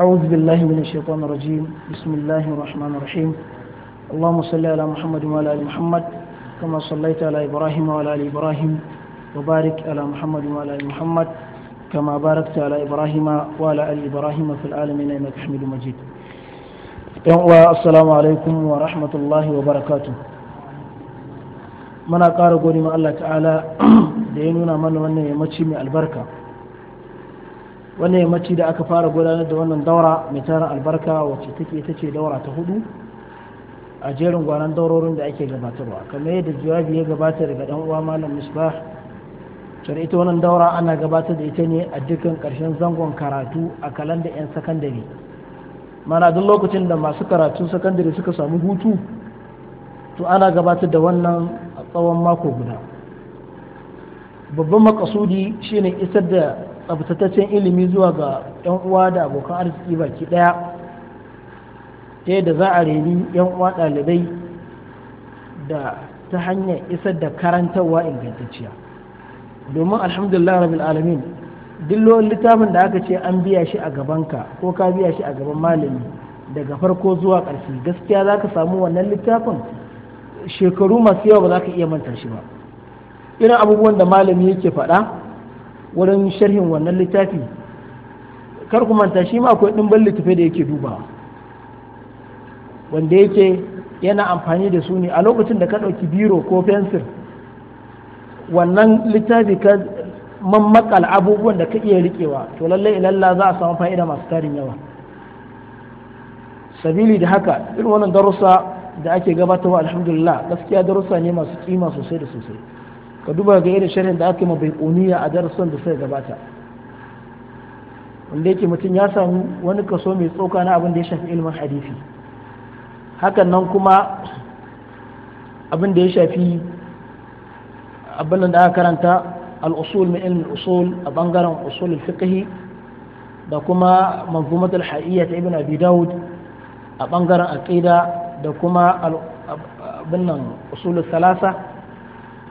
أعوذ بالله من الشيطان الرجيم بسم الله الرحمن الرحيم اللهم صل على محمد وعلى آل محمد كما صليت على إبراهيم وعلى آل إبراهيم وبارك على محمد وعلى آل محمد كما باركت على إبراهيم وعلى آل إبراهيم في العالمين إنك حميد مجيد السلام عليكم ورحمة الله وبركاته muna ƙara gode ma Allah ta'ala da ya nuna mana wannan yammaci mai albarka wannan yammaci da aka fara gudanar da wannan daura mai taron albarka wacce take ita ce daura ta hudu a jerin gwanan daurorin da ake gabatarwa kamar yadda jawabi ya gabata daga dan uwa malam misbah tare ita wannan daura ana gabatar da ita ne a dukkan karshen zangon karatu a kalanda yan sakandare mana duk lokacin da masu karatu sakandare suka samu hutu to ana gabatar da wannan a tsawon mako guda babban makasudi shine isar da tsabtataccen ilimi zuwa ga 'yan uwa da abokan arziki baki ɗaya ta yadda za a reni 'yan uwa ɗalibai da ta hanyar isar da karantarwa ingantacciya domin alhamdulillah rabin alamin dillolin littafin da aka ce an biya shi a gabanka ko ka biya shi a gaban malami daga farko zuwa ƙarshe gaskiya za ka samu wannan littafin shekaru masu yawa ba za ka iya manta shi ba irin abubuwan da malami yake faɗa wurin sharhin wannan littafi kar ku manta shi ma akwai ɗimbin littafai da yake duba wanda yake yana amfani da su ne a lokacin da ka ɗauki biro ko fensir wannan littafi ka mammakal abubuwan da ka iya riƙewa to lallai ilalla za a samu fa'ida masu tarin yawa sabili da haka irin wannan darussa da ake gabatarwa alhamdulillah gaskiya darussa ne masu kima sosai da sosai ka duba ga irin sharhin da aka yi bai uniya a darasin da sai gabata wanda yake mutum ya samu wani kaso mai tsoka na abin da ya shafi ilimin hadisi hakan nan kuma abin da ya shafi abin da aka karanta al'usul mai min ilmin usul a bangaren usul fiqhi da kuma manzumat al ta ibn abi daud a bangaren aqida da kuma abin nan usul salasa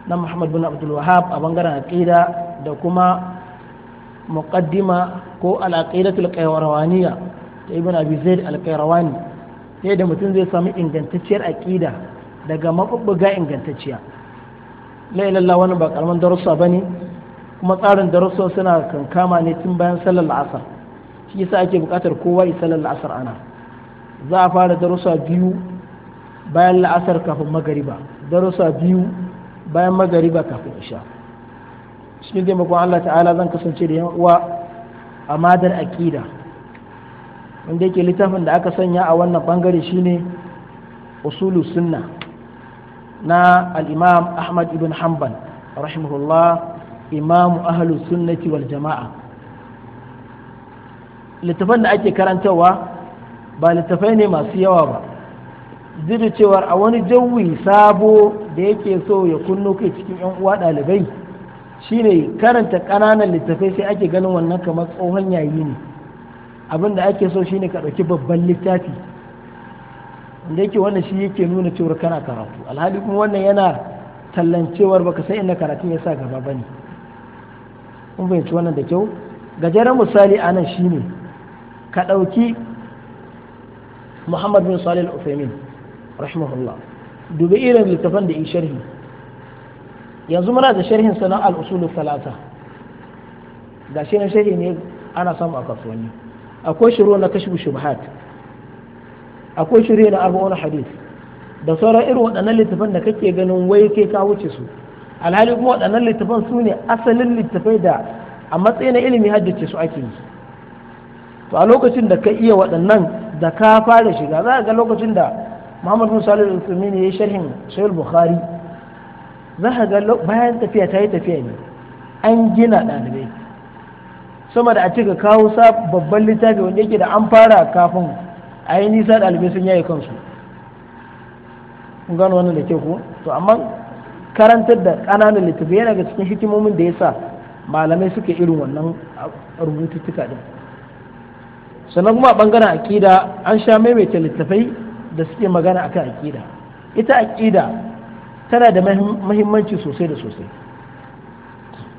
na Muhammad bin Abdul Wahab a bangaren aqida da kuma muqaddima ko al-aqidatul qayrawaniya ta Ibn Abi Zaid al-Qayrawani yadda mutum zai samu ingantacciyar aqida daga mabubbuga ingantacciya la ilaha wannan ba kalman darussa bane kuma tsarin darussa suna kankama ne tun bayan sallar asar shi yasa ake bukatar kowa ya sallar asar ana za a fara darussa biyu bayan la'asar kafin magariba darussa biyu bayan magariba kafin isha cikin taimakon Allah ta'ala zan kasance da yan uwa a madar akida wanda yake littafin da aka sanya a wannan bangare shine usulu sunna na al-imam Ahmad ibn hanban rahimahullah imamu ahlus sunnati wal jama'a littafan da ake karantawa ba littafai ne masu yawa ba duk cewar a wani jawi sabo da yake so ya kunno kai cikin yan uwa ɗalibai shine karanta ƙananan littafai sai ake ganin wannan kamar tsohon yayi ne abin da ake so shine ka ɗauki babban littafi da yake wannan shi yake nuna cewar kana karatu alhali kuma wannan yana tallancewar baka sai inda karatun ya sa gaba bane kun fahimci wannan da kyau gajeren misali anan nan shine ka ɗauki muhammad bin salih al-uthaymin rahimahullah dubi irin littafan da yi sharhi yanzu muna da sharhin sanan al'usulu Talata. ga shi na sharhi ne ana samu a kasuwanni akwai shiro na kashfu shubhat akwai shiro na arba'un hadith da sauran irin waɗannan littafan da kake ganin wai kai ka wuce su alhali kuma waɗannan littafan su ne asalin littafai da a na ilimi haddace su ake yi to a lokacin da ka iya waɗannan da ka fara shiga za ga lokacin da muhammad bin salih al-uthman ya sharhin sahih bukhari za ka ga bayan tafiya ta yi tafiya ne an gina ɗalibai sama da a cika kawo babban littafi wanda yake da an fara kafin a yi nisa ɗalibai sun yaye kansu kun gano wannan da ke ku to amma karantar da ƙananan littafi yana ga cikin hikimomin da ya sa malamai suke irin wannan rubututtuka din sannan kuma a ɓangaren an sha maimaita littafai da suke magana akan aƙida ita aƙida tana da mahimmanci sosai da sosai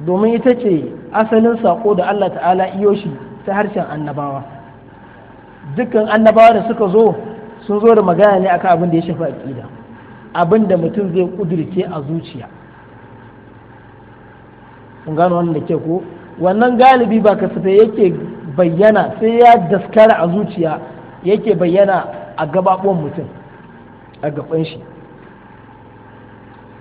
domin ita ce asalin sako da Allah ta'ala iyo shi ta harshen annabawa dukkan annabawa da suka zo sun zo da magana ne akan abin da ya shafi aƙida abin da mutum zai kudirce a zuciya kun gano wannan da ke ko wannan galibi ba kasafai yake bayyana sai ya daskara a zuciya yake bayyana a gababuwan mutum a gaban shi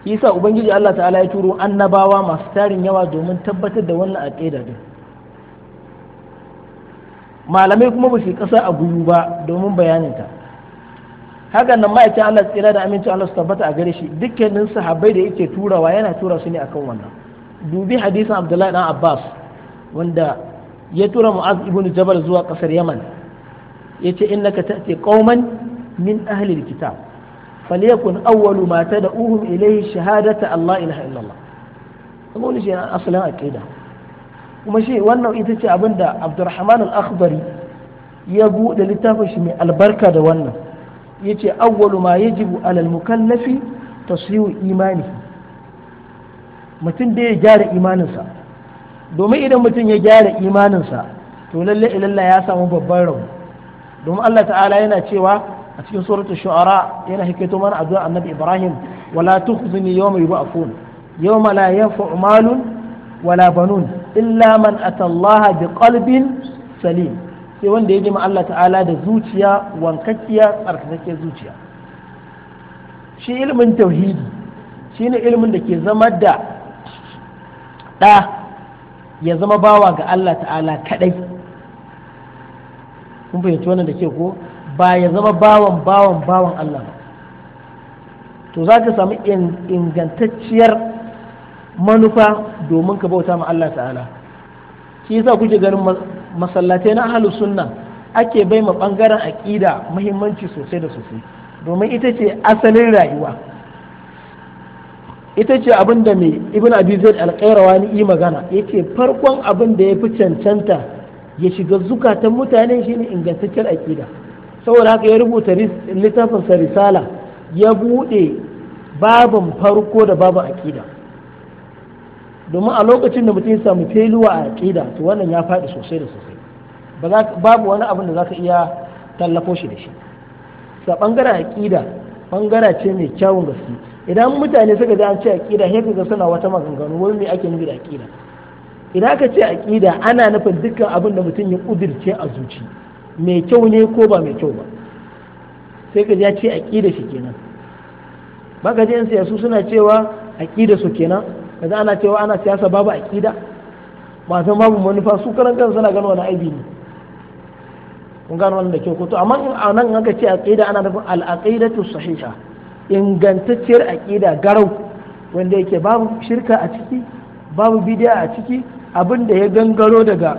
isa ubangiji Allah ta'ala ya turo annabawa masu tarin yawa domin tabbatar da wannan aqida din malamai kuma ba su kasa a guyu ba domin bayaninta hakan nan ma'aikin Allah tsira da amincin Allah su tabbata a gare shi dukkanin sahabbai da yake turawa yana tura su ne akan wannan dubi hadisin Abdullahi dan Abbas wanda ya tura Mu'az ibn Jabal zuwa kasar Yaman yace innaka ta'ti qauman min ahli alkitab falyakun awwalu ma tad'uhum ilayhi shahadatu Allah ilaha illallah kuma wani shi asalin aqida kuma shi wannan ita ce abinda Abdurrahman al-Akhdari ya buɗe littafin shi mai albarka da wannan yace awwalu ma yajibu alal mukallafi tasihu imani mutum da ya gyara imaninsa domin idan mutum ya gyara imaninsa to lalle ilalla ya samu babban rauni. domin Allah ta'ala yana cewa a cikin suratul shu'ara yana hikaito mana addu'a annabi Ibrahim wala tukhzini yawma yub'athun yawma la yanfa'u malun wala banun illa man atallaha biqalbin salim sai wanda ya jima Allah ta'ala da zuciya wankakkiya tsarkakakke zuciya shi ilmin tauhidi shine ilmin da ke zama da ɗa ya zama bawa ga Allah ta'ala kadai kun fahimci wannan da ke ko ba ya zama bawan bawan bawan Allah to za ka samu ingantacciyar manufa domin ka bauta ma Allah ta'ala shi yasa kuke ganin masallatai na ahlus sunna ake bai ma bangaren aqida muhimmanci sosai da sosai domin ita ce asalin rayuwa ita ce abin da mai ibn abi zaid al-qayrawani yi magana yake farkon abin da ya fi cancanta ya shiga zukatan mutane ne ingantaccen aƙida saboda haka ya rubuta littafinsa risala ya buɗe babin farko da babin aƙida domin a lokacin da mutum ya samu feluwa a aƙida to wannan ya faɗi sosai da sosai babu wani abin da za ka iya tallafo shi da shi sa ɓangaren aƙida ɓangara ce mai kyawun gaske idan mutane suka ji an ce aƙida sai ga suna wata maganganu wani me ake nufi da aƙida idan aka ce aƙida ana nufin dukkan abin da mutum ya ƙudirce a zuci mai kyau ne ko ba mai kyau ba sai ka ya ce aƙida shi kenan ba ka suna cewa aƙida su kenan kaza ana cewa ana siyasa babu aƙida masu babu manufa su karan kan suna gano wani aibi ne kun gano wani da kyau ko to amma in a nan aka ce aƙida ana nufin al-aqidatu sahiha ingantacciyar aƙida garau wanda yake babu shirka a ciki babu bidiya a ciki abin da ya gangaro daga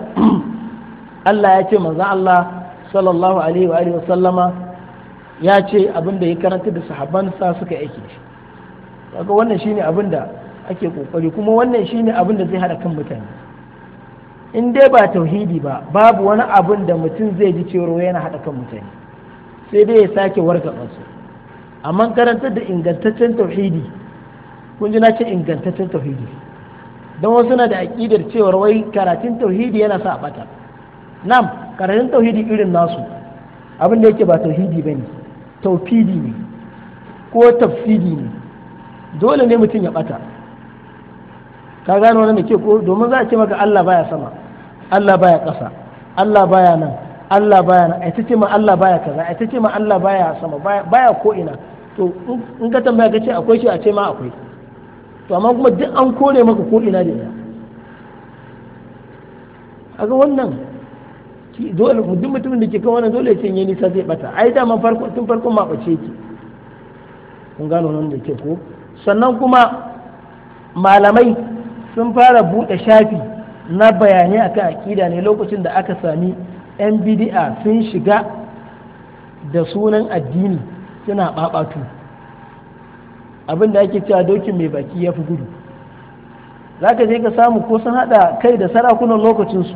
Allah ya ce manzon Allah sallallahu alaihi wa alihi sallama ya ce abin da ya karanta da sahabansa suka aiki shi kaga wannan shine abin da ake kokari kuma wannan shine abin da zai hada kan mutane in dai ba tauhidi ba babu wani abin da mutum zai ji cewa yana hada kan mutane sai dai ya sake warka su amma karantar da ingantaccen tauhidi kun ji na ce ingantaccen tauhidi don wasu na da aƙidar cewar wai karatun tauhidi yana sa ɓata, nam karatun tauhidi irin nasu abin da yake ba tauhidi ba ne taufidi ne ko tafsidi ne dole ne mutum ya ɓata. ka gano wani da ke ko domin za a ce maka Allah baya sama Allah baya ƙasa Allah baya nan Allah baya nan ai ta ce ma Allah baya kaza ai ta ce ma Allah baya sama baya ko ina to in ka tambaya ka ce akwai shi a ce ma akwai to amma kuma duk an kore maka ko ina da ina a ga wannan dole duk mutumin da ke kan wannan dole ya ce nisa zai bata ai man farko tun farko ma bace ki kun gano nan da ke ko sannan kuma malamai sun fara buɗe shafi na bayanai akan akida ne lokacin da aka sami yan bidi'a sun shiga da sunan addini suna ɓaɓatu abin da ake cewa dokin mai baki ya fi gudu za ka je ka samu ko sun haɗa kai da sarakunan lokacinsu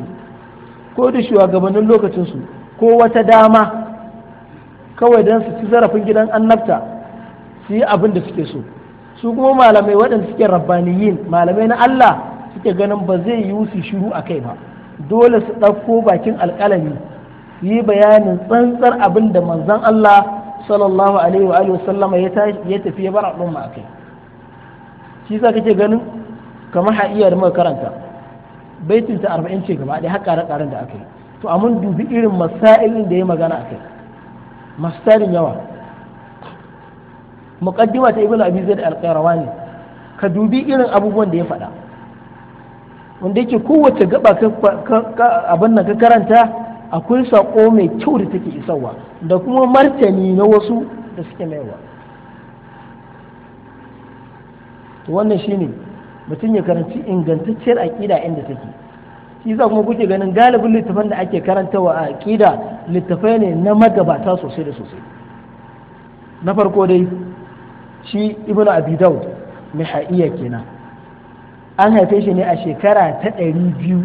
ko da shugabannin lokacinsu ko wata dama kawai don su ci zarafin gidan annabta su yi abin da suke so su kuma malamai waɗanda suke rabbaniyin malamai na Allah suke ganin ba zai yi su shiru a kai ba dole su ɗauko bakin alƙalami su yi bayanin tsantsar abin da manzon Allah sallallahu alaihi wa alihi sallama ya ya tafi ya bar al'umma akai shi yasa kake ganin kamar ha'iya da muka karanta baitin ta 40 ce gaba da haƙa ƙaran da akai to amma dubi irin masailin da ya magana akai masailin yawa muqaddima ta ibnu abi zaid al-qayrawani ka dubi irin abubuwan da ya faɗa wanda yake kowace gaba abin nan ka karanta akwai sako mai kyau da take isarwa da kuma martani na wasu da suke maiwa to wannan shine mutum ya karanci ingantacciyar aƙida inda take shi za kuma kuke ganin galibin littafan da ake karantawa a aƙida littafai ne na magabata sosai da sosai na farko dai shi ibn abi daud mihaiya kenan an haife shi ne a shekara ta ɗari biyu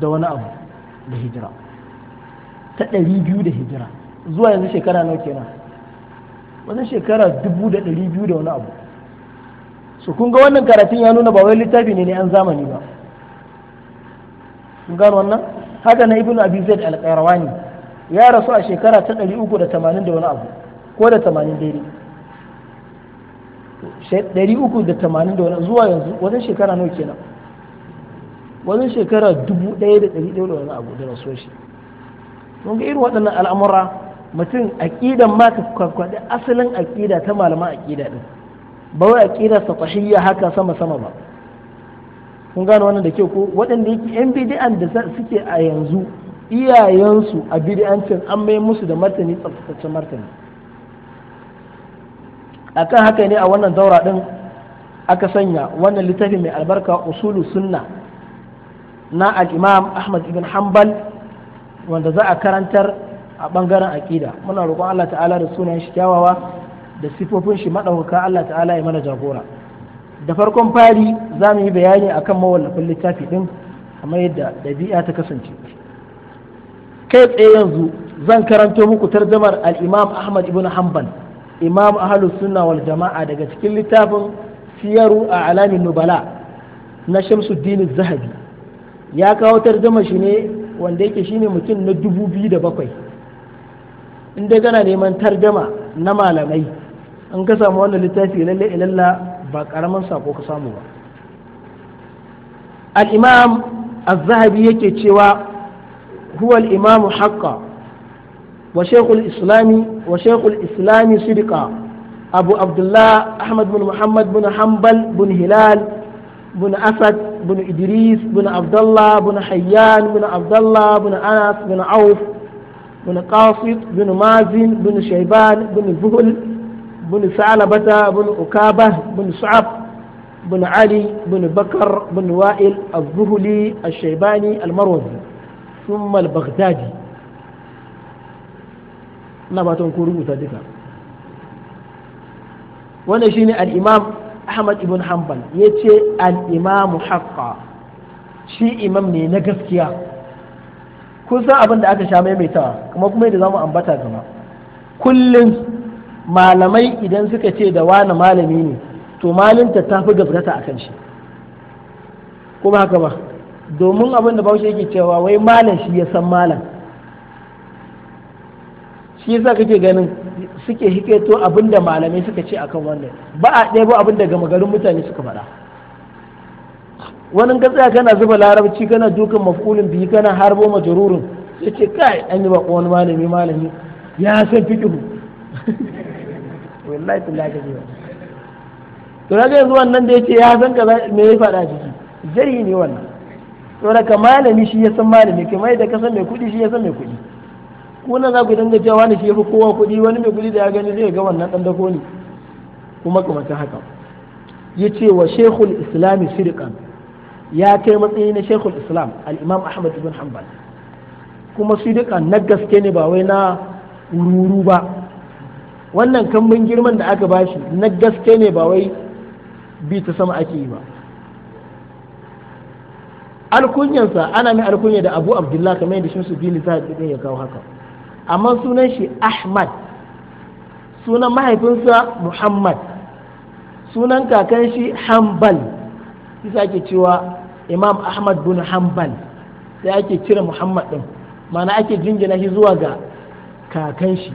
da wani abu da hijira ta ɗari biyu da hijira zuwa yanzu shekara nawa kenan wannan shekara dubu da ɗari biyu da wani abu su kun ga wannan karatun ya nuna ba wai littafi ne ne an zamani ba kun gano wannan haka na ibnu abi zaid al-qayrawani ya rasu a shekara ta ɗari uku da tamanin da wani abu ko da tamanin daidai ɗari uku da tamanin da wani zuwa yanzu wajen shekara nawa kenan wajen shekara dubu ɗaya da ɗari ɗaya da wani abu da rasuwar shi mun ga irin waɗannan al'amura mutum aƙidan ma ta kwakwaɗe asalin aƙida ta malaman aƙida ɗin ba wai aƙida satahiyya haka sama sama ba kun gane wannan da kyau ko waɗanda yake yan bidi'an da suke a yanzu iyayensu a bidiyancin an mai musu da martani tsaftataccen martani akan haka ne a wannan daura ɗin aka sanya wannan littafi mai albarka usulu sunna na al-imam ahmad ibn hanbal wanda za a karantar a bangaren aƙida, muna roƙon Allah ta'ala da sunan shi kyawawa da sifofin shi maɗaukaka Allah ta'ala ya mana jagora da farkon fari za mu yi bayani a kan mawallafin littafi ɗin, kamar yadda dabi'a ta kasance kai tsaye yanzu zan karanto muku tarjamar al-Imam Ahmad ibn Hanbal Imam Ahlus Sunna wal Jama'a daga cikin littafin Siyaru a Alamin Nubala na Shamsuddin Zahabi ya kawo tarjama shi ne wanda yake shine mutum na dubu biyu da bakwai in gana neman tarjama na malamai an ka samu wannan littafi lalle ilalla ba karamin sako ka samu ba al-imam az-zahabi yake cewa huwa al-imam haqqa wa shaykhul islami wa shaykhul islami sidqa abu abdullah ahmad bin muhammad bin hanbal bin hilal bin asad بن إدريس بن عبد الله بن حيان بن عبد الله بن أنس بن عوف بن قاصد بن مازن بن شيبان بن فهل بن سعلبة بن أكابة بن سعب بن علي بن بكر بن وائل الظهلي الشيباني المروزي ثم البغدادي نبات كروب صدقا وانا شيني الإمام ahmad ibn hanbal ya ce al'imamu haƙa shi imam ne na gaskiya kun san abin da aka sha maimaitawa kuma kuma yadda za mu ambata gaba kullum malamai idan suka ce da wani malami ne to malinta ta fi gazgata a kan shi kuma haka ba domin abin da baushe yake cewa wai malam shi ya san malam shi yasa kake ganin suke abin abinda malamai suka ce akan wannan ba a ɗebo abin da gama garin mutane suka faɗa wani gatsa kana zuba larabci kana dukan maf'ulin biyu kana harbo majrurun ya ce kai an yi ba wani malami malami ya san fiqhu wallahi billahi kaje to na yanzu wannan da yace ya san kaza me ya faɗa ciki jari ne wannan to daga malami shi ya san malami kamar da ka san mai kuɗi shi ya san mai kuɗi kuna za ku dinga cewa wani shi fi kowa kuɗi wani mai kuɗi da ya gani zai ga wannan ɗan dako ne kuma kamata haka ya ce wa shekul islami shirkan ya kai matsayi na shekul islam al'imam ahmad ibn hanbal kuma shirkan na gaske ne ba wai na ruru ba wannan kambin girman da aka bashi na gaske ne ba wai bi ta sama ake yi ba alkunyansa ana mai alkunya da abu abdullahi kamar yadda shi su bini ya kawo haka amma sunan shi ahmad sunan mahaifinsa muhammad sunan kakan shi hanbal isa ake cewa imam ahmad bin hanbal sai ake cire muhammad din mana ake jingina shi zuwa ga kakan shi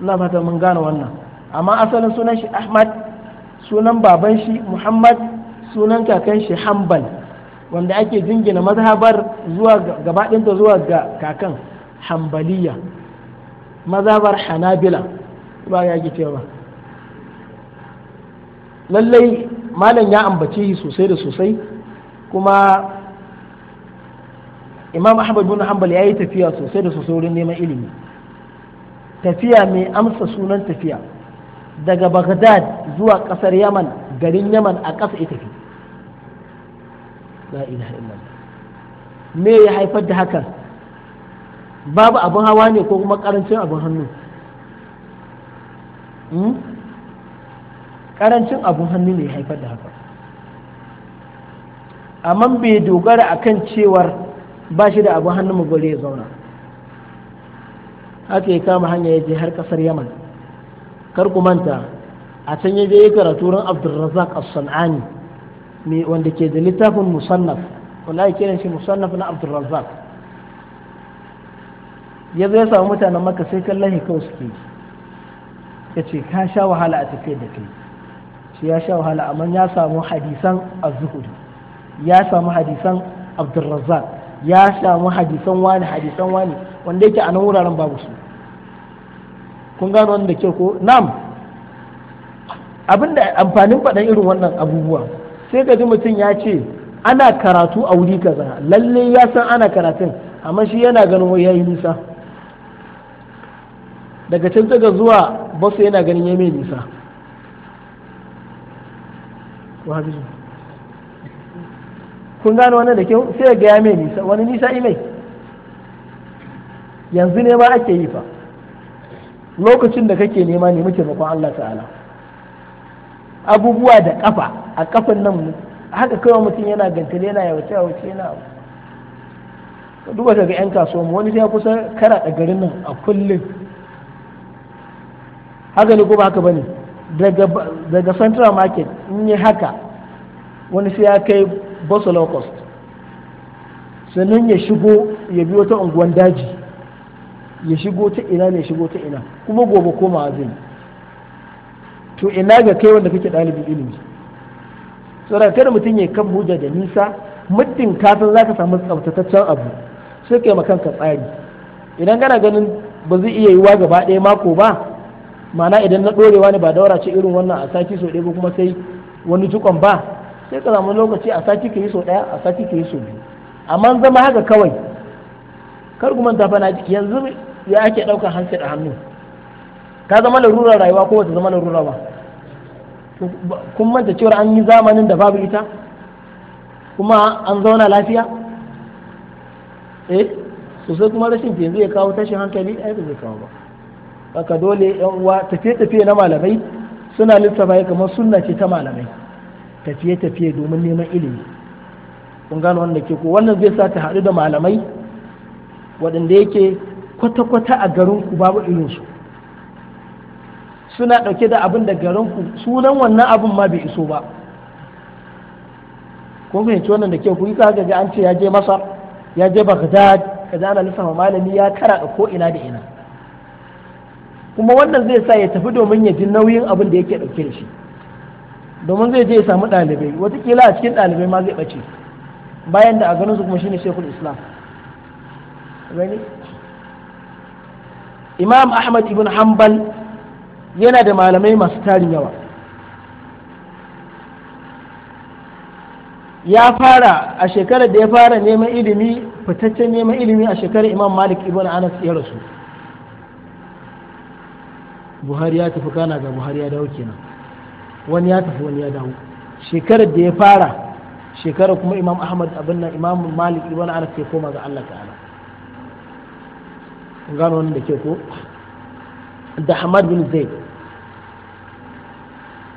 ina fata mun gane wannan amma asalin sunan shi ahmad sunan baban shi muhammad sunan kakan shi hanbal wanda ake jingina mazhabar zuwa gabaɗinta zuwa ga kakan hambaliya mazhabar hanabila ba ya ake cewa lallai malam ya ambace shi sosai da sosai kuma imam ahmad bin hanbal ya yi tafiya sosai da sosai wurin neman ilimi tafiya mai amsa sunan tafiya daga baghdad zuwa ƙasar yaman garin yaman a ƙasa ita tafi la ilaha illallah me ya haifar da hakan babu abin hawa ne ko kuma karancin abin hannu karancin hmm? abin hannu ne ya haifar da hakan amma bai dogara akan cewar ba shi da abin hannu magwale ya zauna haka ya kama hanya ya je har kasar yaman kar ku manta a can ya je ya karatu ran abdulrazak as-san'ani mai wanda ke da littafin musannaf ake kiran shi musannaf na abdurrazzaq ya zo ya samu mutanen maka sai kallon kawai suke ya ce ka sha wahala a tafiyar da kai shi ya sha wahala amma ya samu hadisan az ya samu hadisan abdurrazzaq ya samu hadisan wani hadisan wani wanda yake a nan wuraren babu su kun gano wanda ke ko nam abinda amfanin faɗan irin wannan abubuwa sai ka ji mutum ya ce ana karatu a wuri kaza lalle ya san ana karatun amma shi yana ganin ya yi nisa daga can daga zuwa basu yana ganin ya mai nisa kun gano wannan da kyau sai ga ya mai nisa wani nisa imai yanzu ne ba ake yi fa lokacin da kake nema ne muke roƙon Allah ta'ala abubuwa da kafa a kafan nan haka kawai mutum yana gantale yana yawace yawace yana duba daga yan kasuwa mu wani ya kusa kara da garin nan a kullum haka ne ko ba haka bane daga daga central market in yi haka wani sai ya kai bosso low cost sannan ya shigo ya biyo ta unguwan daji ya shigo ta ina ne shigo ta ina kuma gobe koma zai yi to ina ga kai wanda kake ɗalibin ilimi saboda kada mutum ya kan hujja da nisa muddin ka san zaka samu tsaftataccen abu sai kai makan ka tsari idan kana ganin ba zai iya yiwa gaba ɗaya mako ba ma'ana idan na ɗorewa ne ba daura ce irin wannan a sati sau ɗaya ko kuma sai wani jikon ba sai ka samu lokaci a sati ka yi sau ɗaya a sati ka yi sau biyu amma zama haka kawai kar kuma ta fana yanzu ya ake ɗaukar hanset da hannu ta zama larura rayuwa ko wata zama larura ba kun manta cewar an yi zamanin da babu ita kuma an zauna lafiya eh sosai kuma rashin yanzu ya kawo tashin hankali ai ba zai kawo ba haka dole yan uwa tafiye-tafiye na malamai suna lissafa kamar sunna ce ta malamai tafiye-tafiye domin neman ilimi kun gano wanda ke ko wannan zai sa ta haɗu da malamai waɗanda yake kwata-kwata a garin ku babu ilimin suna ɗauke da abin da garinku sunan wannan abin ma bai iso ba ko fahimci wannan da ke ku ka ga an ce ya je masar ya je baghdad kaza ana lissafa malami ya kara da ko ina da ina kuma wannan zai sa ya tafi domin ya ji nauyin abin da yake ɗauke da shi domin zai je ya samu ɗalibai watakila a cikin ɗalibai ma zai ɓace bayan da a ganin su kuma shine shekul islam imam ahmad ibn hanbal yana da malamai masu tarin yawa ya fara a shekarar da ya fara neman ilimi fitaccen neman ilimi a shekarar imam malik ibn anas ya rasu buhari ya tafi kana ga buhari ya dawo kenan wani ya tafi wani ya dawo shekarar da ya fara shekarar kuma imam ahmad abin nan imam malik ibn anas ya koma ga allah ta'ala gano wani da ke ko da hamad bin zaid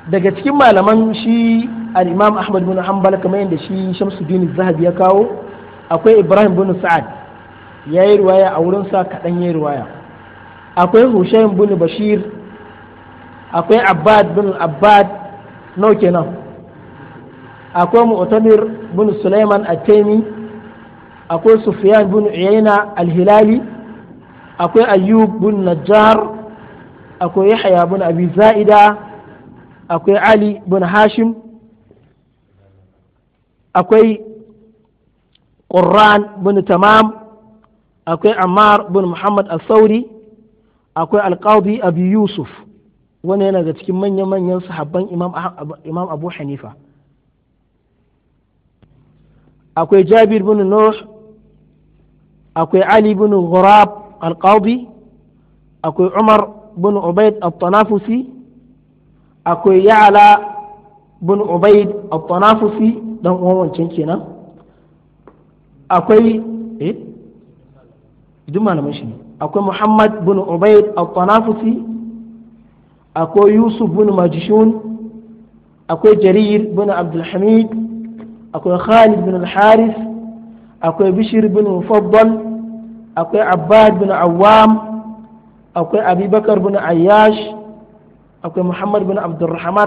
daga cikin malaman shi al ahmad bin hanbal kamar yadda shi shamsuddin zahabi ya kawo akwai ibrahim bin sa'ad ya yi ruwaya a wurin sa kaɗan ya yi ruwaya akwai hushayin bin bashir akwai abbad bin abbad nau kenan akwai mu'tamir bin sulaiman at-taimi akwai sufyan bin uyayna al-hilali akwai ayyub bin najjar akwai yahya bin abi za'ida akwai ali bin hashim akwai ƙurran bin tamam akwai ammar bin muhammad al-sauri akwai alƙadi abi yusuf wani yana daga cikin manya-manyan sahabban imam abu hanifa akwai jabir bin nuh akwai ali bin ghurab alƙadi akwai umar bin ubaid al-tanafusi akwai ya'ala bin ubaid at-tanafusi dan uwan wancan kenan akwai eh duk malaman shi akwai muhammad bin ubaid at-tanafusi akwai yusuf bin majishun akwai jarir bin abdulhamid akwai khalid bin al-haris akwai bishir bin mufaddal akwai abbad bin awwam akwai abubakar bin ayyash أكوي محمد بن عبد الرحمن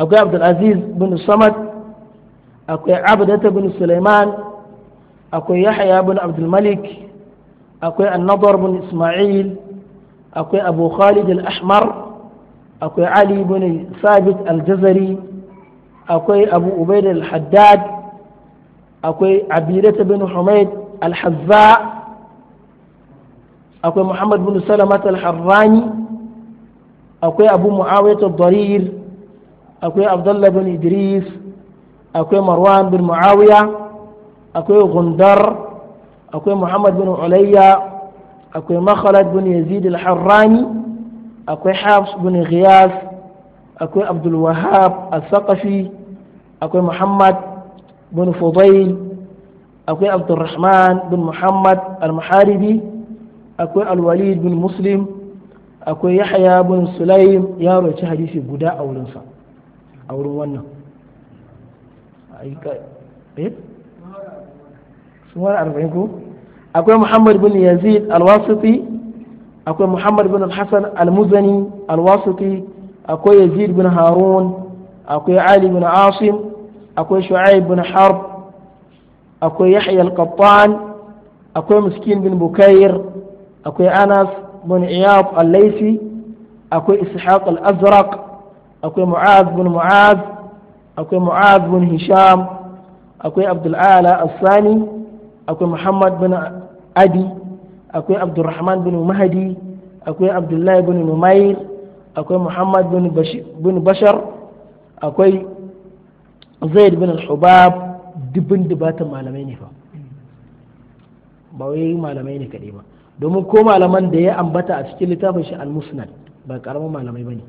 أكوي عبد العزيز بن الصمد أكوي عبدة بن سليمان أكوي يحيى بن عبد الملك أكوي النضر بن إسماعيل أكوي أبو خالد الأحمر أكوي علي بن ثابت الجزري أكوي أبو أبيد الحداد أكوي عبيرة بن حميد الحذاء أكوي محمد بن سلمة الحراني akwai abu mu'awiyatu ad-darir akwai abdullah bin idris akwai marwan bin muawiya akwai gundar akwai muhammad bin ulayya akwai makhalad bin yazid al-harrani akwai hafs bin ghiyas akwai abdul wahab al-saqafi akwai muhammad bin fudayl akwai abdurrahman bin muhammad al-muharibi akwai al-walid bin muslim akwai yahya bin sulaim ya roci hadisi guda a wurinsa a wurin wannan eh? akwai muhammad bin yazid alwasiti akwai muhammad bin hassan almuzani alwasiti akwai yazid bin harun akwai ali bin asim akwai shu'aib bin harb akwai yahya al akwai miskin bin bukair akwai anas bin iyab al akwai ishaq al-azraq akwai mu'az bin mu'az akwai mu'az bin hisham akwai abdul ala as akwai muhammad bin adi akwai abdurrahman bin mahdi akwai abdullahi bin numair akwai muhammad bin bashar akwai zaid bin al-hubab dubin dubatan ba wai malamai ne kaɗai ba domin ko malaman da ya ambata a cikin littafin shi al-musnad ba karamin malamai bane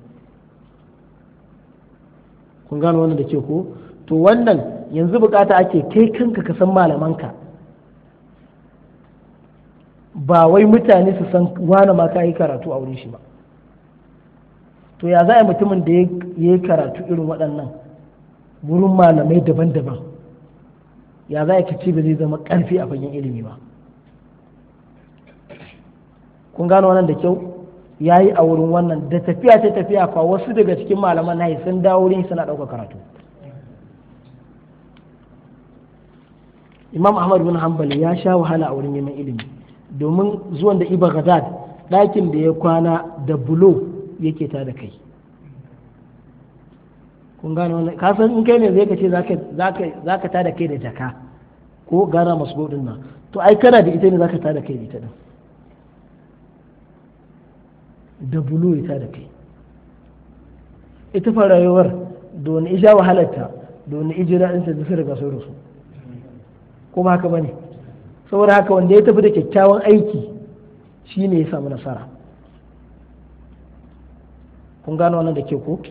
kun gano wannan da ke ko to wannan yanzu bukata ake kai kanka ka san malamanka ba wai mutane su san wane ma ka yi karatu a wurin shi ba to ya za a mutumin da ya yi karatu irin waɗannan wurin malamai daban-daban ya za a ci ba zai zama ƙarfi a fagen ilimi ba kun gano wannan da kyau ya yi a wurin wannan da tafiya ta tafiya fa wasu daga cikin malaman nahi sun dawo wurin suna ɗaukar karatu imam ahmad bin hanbal ya sha wahala a wurin neman ilimi domin zuwan da iba gadad ɗakin da ya kwana da bulo yake ta da kai kun gano wannan san in kai ne zai ka ce za ka ta da kai da jaka ko gara masu godin nan to ai kana da ita ne za ka ta da kai da ita din da bulo ya da kai ita fa rayuwar don ija isha wahalarta don ijira in da su riga sun rusu kuma haka bane saboda haka wanda ya tafi da kyakkyawan aiki shine ya samu nasara kun gano wannan da ke ko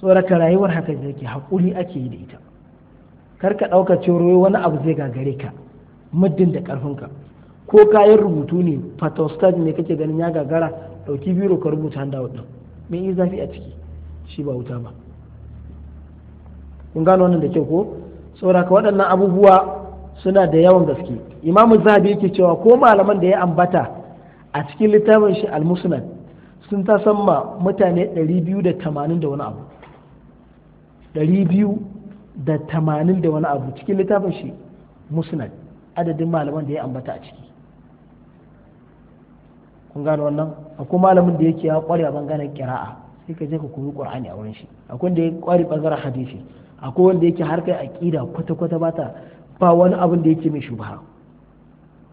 saboda rayuwar haka da ke haƙuri ake yi da ita kar ka ɗauka wani abu zai gagare ka muddin da ƙarfinka ko kayan rubutu ne fatostat ne kake ganin ya gagara dauki biro ka rubuta handa wadda me yi zafi a ciki shi ba wuta ba kun gano wannan da kyau ko saboda ka waɗannan abubuwa suna da yawan gaske imamu zabi yake cewa ko malaman da ya ambata a cikin littafin shi al sun ta samma mutane 280 da wani abu 280 da wani abu cikin littafin shi musnad adadin malaman da ya ambata a ciki kun gano wannan akwai malamin da yake ya kware a bangaren kira'a sai ka je ka koyi qur'ani a wurin shi akwai da ya kware bangaren hadisi akwai wanda yake har kai aqida kwata kwata ba ta ba wani abin da yake mai shubha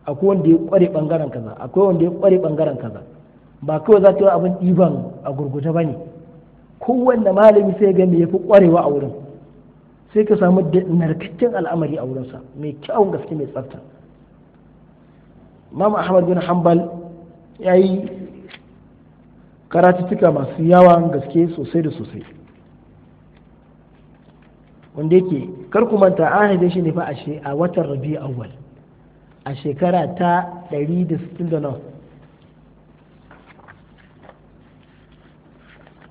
akwai wanda ya kware bangaren kaza akwai wanda ya kware bangaren kaza ba kawai za ta yi abin ɗiban a gurguje ba ne kowanne malami sai ga me fi kwarewa a wurin sai ka samu narkakken al'amari a sa mai kyau gaske mai tsafta Imam Ahmad bin Hanbal ya yi karatuttuka masu yawan gaske sosai da sosai wanda yake karkumanta manta an shi ne fa a watan rabi Awal a shekara ta 169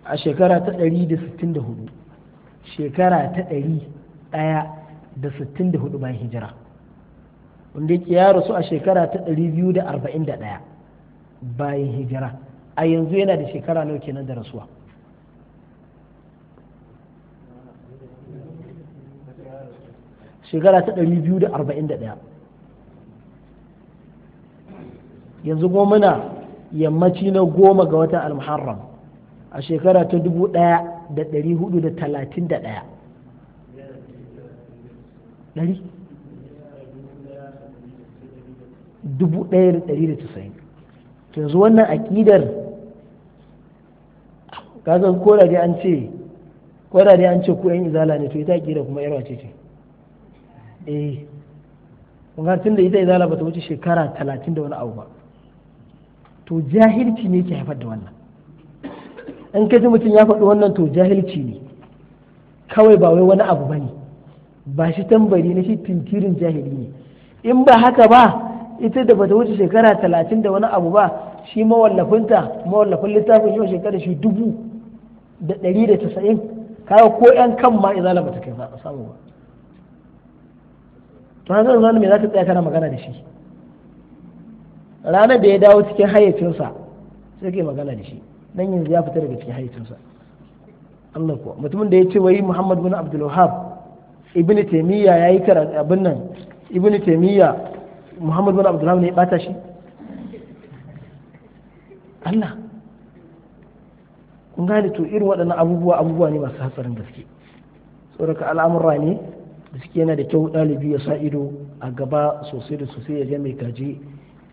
a shekara ta 164 shekara ta 164 bayan hijira wanda yake ya rasu a shekara ta 241 bayan hijira a yanzu yana da shekara nawa kenan da rasuwa shekara ta 241 yanzu kuma muna yammaci na goma ga watan almuharram a shekara ta 1431 ɗari? da 1190 yanzu wannan aƙidar kaga ko da dai an ce ko da dai an ce ku yan izala ne to ita aƙidar kuma yarwa ce ce eh kun tun da ita izala bata wuce shekara talatin da wani abu ba to jahilci ne ke haifar da wannan in ka ji mutum ya faɗi wannan to jahilci ne kawai ba wai wani abu ba ne ba shi tambari na shi tinkirin jahili ne in ba haka ba ita da bata wuce shekara talatin da wani abu ba shi mawallafinta mawallafin littafin yau shekara shi dubu da ɗari da tasa'in kawo ko yan kan ma izala ba ta kai ba samu ba to haka zan me za ka tsaya kana magana da shi ranar da ya dawo cikin hayyacinsa sai kai magana da shi nan yanzu ya fita daga cikin hayyacinsa Allah ko mutumin da ya ce wai Muhammad bin Abdul Wahhab Ibn Taymiyyah yayi karatu abin nan Ibn Taymiyyah Muhammad bin Abdul Wahhab ne ya bata shi Allah kun gane to irin waɗannan abubuwa abubuwa ne masu hatsarin gaske tsoraka al'amurra ne da suke yana da kyau ɗalibi ya sa ido a gaba sosai da sosai ya je mai kaje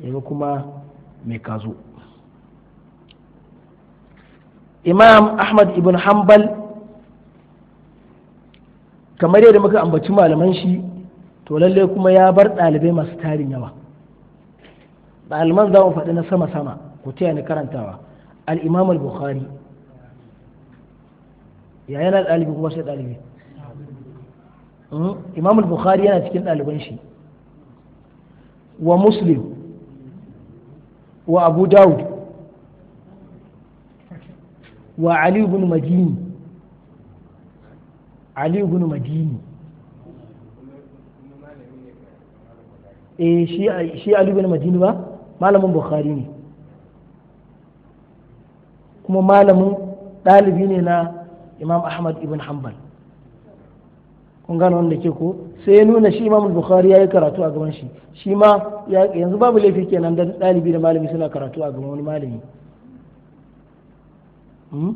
ya ga kuma mai kazo imam ahmad ibn hanbal kamar yadda muka ambaci malaman shi to lallai kuma ya bar ɗalibai masu tarin yawa ɗaliban za mu faɗi na sama-sama ku taya ni karantawa al-imam al-bukhari ya yana ɗalibi kuma sai ɗalibi hmm? imam al-bukhari yana cikin ɗaliban shi wa muslim wa abu daud wa ali ibn madini ali ibn madini eh shi ali ibn madini ba malamin bukhari ne kuma malamin ɗalibi ne na imam ahmad ibn hanbal kun gano wanda ke ko sai ya nuna shi imam bukhari ya yi karatu a gaban shi shi ma yanzu babu laifi kenan da ɗalibi da malami suna karatu a gaban wani malami hmm?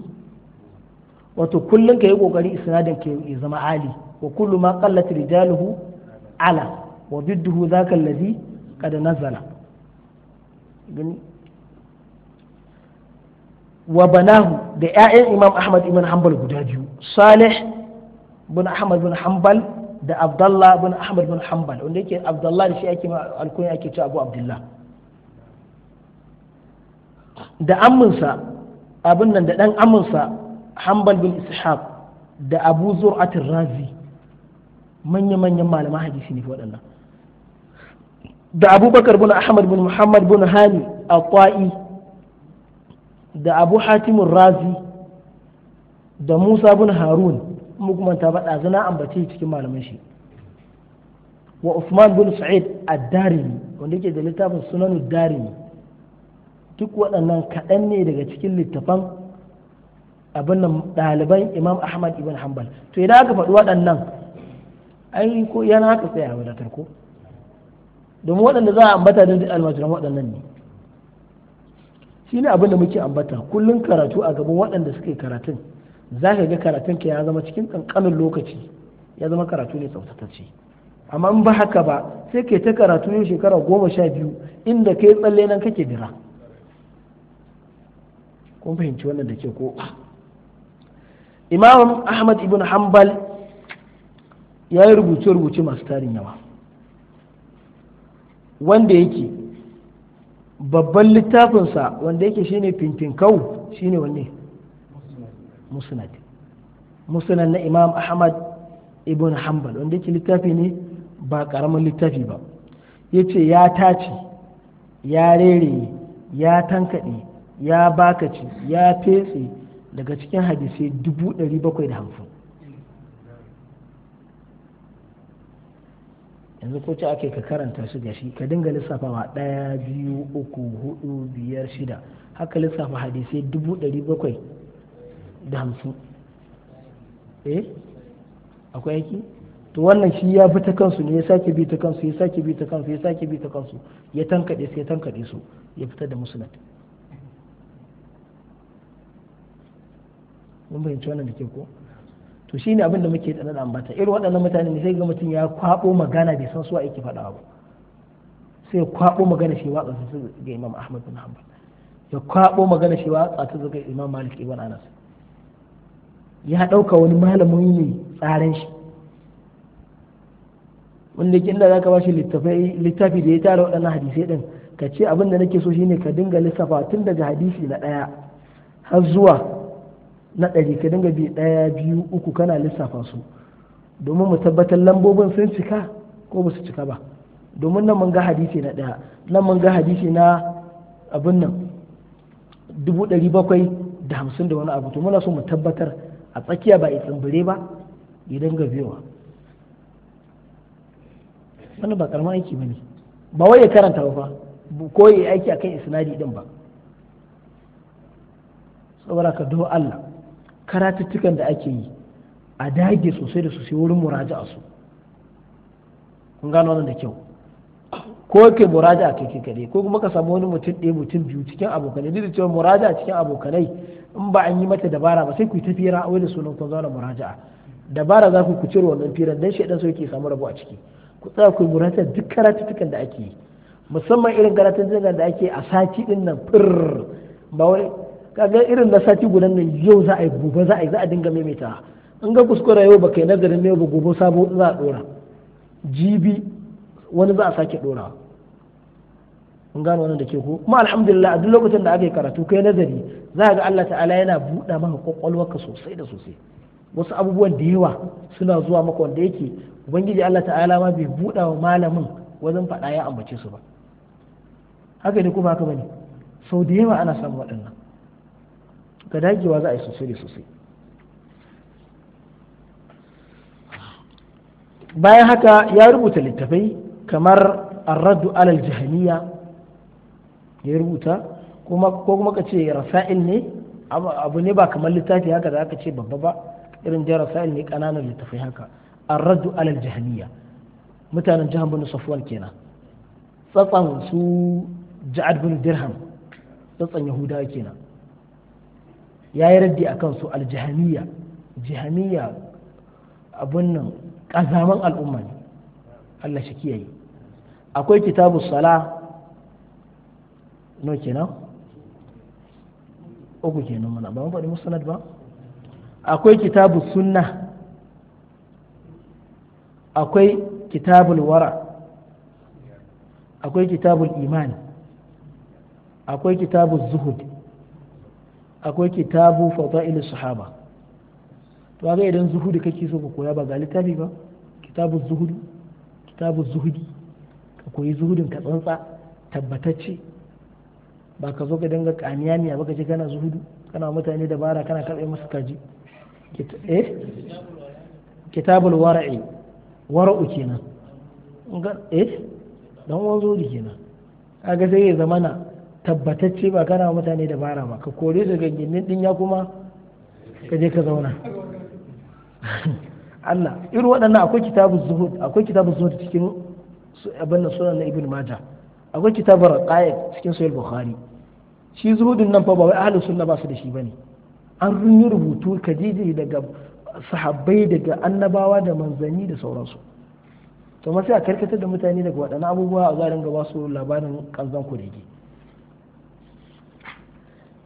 wato kullum ka yi kokari isnadin ka ya zama ali wa kullu ma qallat rijaluhu ala wa bidduhu zaka allazi qad nazala wa banahu da 'ya'yan imam ahmad ibn hanbal guda biyu salih bin ahmad bin hanbal da abdullah bin ahmad bin hanbal wanda yake abdullah da shi ake alkunya ake cewa abu abdullah da amminsa abin nan da dan amminsa hanbal bin ishaq da abu zur'atul razi manya-manyan malama hadisi ne waɗannan da abubakar bin ahmad bin muhammad bin hani a da abu hatimun razi da musa bin harun manta ba ɗazuna ambace cikin malaman shi wa usman bin sa'id ad-darimi wanda yake da littafin sunanu darimi duk waɗannan kaɗan ne daga cikin littafan abin nan ɗaliban imam ahmad ibn hanbal to idan aka faɗi waɗannan ai ko yana haka tsaya wadatar ko domin waɗanda za a ambata da almajiran waɗannan ne shi ne abin da muke ambata kullum karatu a gaban waɗanda suke karatun za ka ga karatun ka ya zama cikin ƙanƙanin lokaci ya zama karatu ne tsautatacce amma in ba haka ba sai ke ta karatu yau shekara goma sha biyu inda kai tsalle nan kake dira kun fahimci wannan da ke ko imam ahmad ibn hanbal ya yi rubuce-rubuce masu tarin yawa wanda yake babban littafinsa wanda yake shi shi ne wanne musnad musnad na imam ahmad ibn hanbal wanda yake littafi ne ba karamin littafi ba ya ce ya tace ya rere ya tankaɗe ya bakaci ya fetse daga cikin hadisai dubu ɗari bakwai da hamsin yanzu ko ci ake ka karanta su ga shi ka dinga lissafawa ɗaya biyu uku hudu biyar shida haka lissafa hadisai dubu ɗari bakwai da hamsin eh akwai aiki to wannan shi ya bi ta kansu ne ya sake bi ta kansu ya sake bi ta kansu ya sake bi ta kansu ya tankaɗe su ya tankaɗe su ya fitar da musulat mun bayyana wannan da ke ko to shine abin da muke tsana ambata irin waɗannan mutane ne sai ga mutum ya kwabo magana bai san su wa yake faɗa ba sai kwabo magana shi watsa su ga Imam Ahmad bin Hanbal ya kwabo magana shi watsa su ga Imam Malik ibn Anas ya ɗauka wani malamin ne tsaren shi wanda kin da zaka bashi littafi littafi da ya tara waɗannan hadisai din ka ce abin da nake so shine ka dinga lissafa tun daga hadisi na ɗaya har zuwa na ɗari ka dinga bi ɗaya biyu uku kana lissafa su domin mu tabbatar lambobin sun cika ko ba su cika ba domin nan mun ga hadisi na ɗaya nan mun ga hadisi na abin nan dubu ɗari bakwai da hamsin da wani abu to muna so mu tabbatar a tsakiya ba ya tsimbire ba ya dinga biyowa wani ba karamin aiki ba ne ba wai ya karanta ba ko ya aiki akan isnadi din ba saboda ka do Allah karatuttukan da ake yi a dage sosai da sosai wurin a su kun gano wannan da kyau ko ke a kai kai ko kuma ka samu wani mutum ɗaya mutum biyu cikin abokanai duk da cewa a cikin abokanai in ba an yi mata dabara ba sai ku yi ta fira a da sunan kun zauna a. dabara za ku ku cire wannan firan dan shaidan sai ke samu rabo a ciki ku tsaya ku muraja duk karatuttukan da ake yi musamman irin karatun da ake a sati din nan fir ba wai kaga irin na sati gudan nan yau za a yi gobe za a yi za a dinga maimaita in ga kuskura yau ba kai nazarin yau ba gobe sabo za a dora jibi wani za a sake dora in gano wannan da ke ko kuma alhamdulillah a duk lokacin da aka yi karatu kai nazari za ga Allah ta'ala yana buɗa maka kwakwalwarka sosai da sosai wasu abubuwan da yawa suna zuwa maka wanda yake ubangiji Allah ta'ala ma bai buɗa wa malamin wajen faɗa ya ambace su ba haka ne kuma haka bane sau da yawa ana samun waɗannan ka dagewa za a yi sosai da sosai bayan haka ya rubuta littafai kamar arraddu alal jahaniya ya rubuta ko kuma ka ce rasa'il ne abu ne ba kamar littafi haka da aka ce babba ba irin da rasa'il ne kananan littafai haka arradu alal jahaniya mutanen jihar bin safwan kenan tsatsan su ja'ad bin dirham tsatsan yahudawa kenan ya yi raddi a su aljihamiya jihamiya abun nan ƙazaman al'umma ne Allah shi kiyaye akwai kitabu sala no kenan uku kenan mana ba mu faɗi musnad ba akwai kitabu sunna akwai kitabu wara akwai kitabu iman akwai kitabu zuhud akwai kitabu fadailu sahaba to ga idan zuhudi kake so ka koya ba ga littafi ba kitabu zuhudu kitabu zuhudi ka koyi zuhudin ka tsantsa tabbatacce ba ka zo ka dinga kaniya miya ba ka ce kana zuhudu kana mutane dabara kana karɓe musu kaji eh kitabul wara'i wara'u kenan eh dan wanzo kenan kaga sai ya zamana tabbatacce ba kana mutane dabara ba ka kore su ga gindin din ya kuma ka je ka zauna Allah irin waɗannan akwai kitabu zuhud akwai kitabu zuhud cikin abin da sunan na ibn maja akwai kitabar raqaiq cikin sahih bukhari shi zuhudin nan fa ba wai ahlus sunna ba su da shi bane an yi rubutu kadiji daga sahabbai daga annabawa da manzanni da sauransu to sai a karkatar da mutane daga waɗannan abubuwa a zarin gaba su labarin kanzan kurege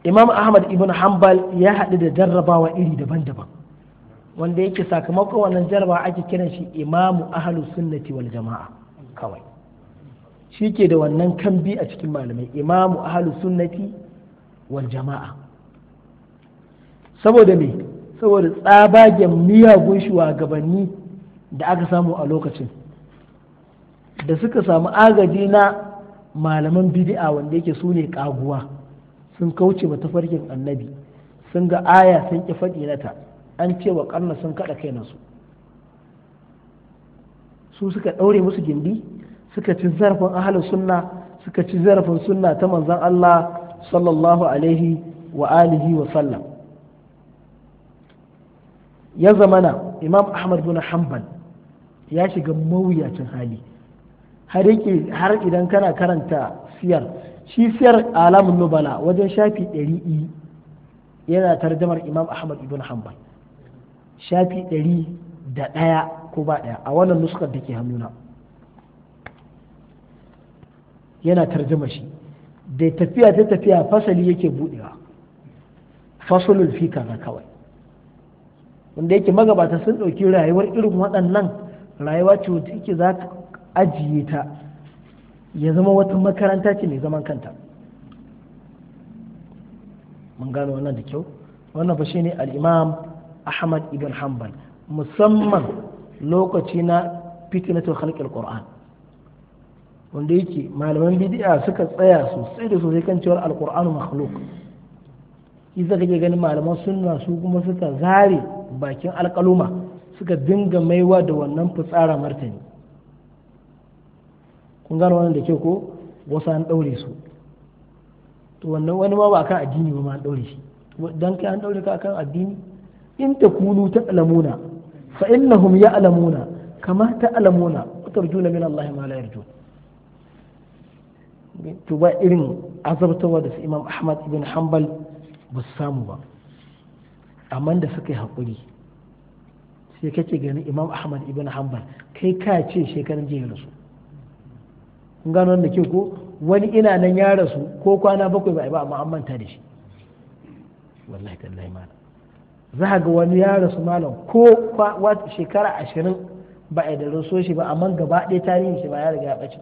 imam ahmad ibn hanbal ya haɗu da jarrabawa iri daban-daban wanda yake sakamakon wannan jarraba ake kiran shi imamu ahlus sunnati wal jama'a kawai shi ke da wannan kambi a cikin malamai imamu ahlus sunnati wal jama'a saboda me saboda tsabagen miyagun shugabanni da aka samu a lokacin da suka samu agaji na malaman bid'a wanda yake su ne kaguwa sun kauce ba tafarkin annabi sun ga aya sun ki faɗi nata an ce wa ƙarna sun kaɗa kai nasu su suka ɗaure musu gindi suka ci zarafin ahalin sunna suka ci zarafin sunna ta manzan Allah sallallahu alaihi wa alihi wa sallam ya zamana imam ahmad bin hanbal ya shiga mawuyacin hali har idan kana karanta siyar kisiyar alamun nubala wajen shafi ɗari yana tarjamar imam ahmad ibn hanbal shafi ɗari da ɗaya ko ba ɗaya a wannan nuskar da ke hannuna yana tarjama shi da tafiya ta tafiya fasali yake buɗewa fasulul fi kaza kawai wanda yake magabata sun ɗauki rayuwar irin waɗannan rayuwa ce wacce za ka ajiye ta ya zama wata makaranta ce mai zaman kanta mun gano wannan da kyau wannan fa shine al-imam ahmad ibn hanbal musamman lokaci na fitnatul khalqil qur'an wanda yake malaman bid'a suka tsaya sosai da sosai kan cewar alqur'anu makhluq idan kake ganin malaman sunna su kuma suka zare bakin alƙaluma suka dinga maiwa da wannan fitsara martani kun gano wannan da ke ko wasu an ɗaure su to wannan wani ma ba kan addini ba ma an ɗaure shi dan kai an ɗaure ka kan addini in ta kunu ta alamuna fa innahum ya alamuna kama ta alamuna tarjuna min Allah ma la yarjun to ba irin azabtawa da su Imam Ahmad ibn Hanbal ba su samu ba amma da suka yi haƙuri sai kake ganin Imam Ahmad ibn Hanbal kai ka ce shekaran jiya rasu kun gano da ke ko wani ina nan ya rasu ko kwana bakwai ba a yi ba amma an manta da shi wallahi tallahi malam za ga wani ya rasu malam ko shekara ashirin ba a da raso shi ba amma gaba ɗaya tarihin shi ba ya riga ya ɓace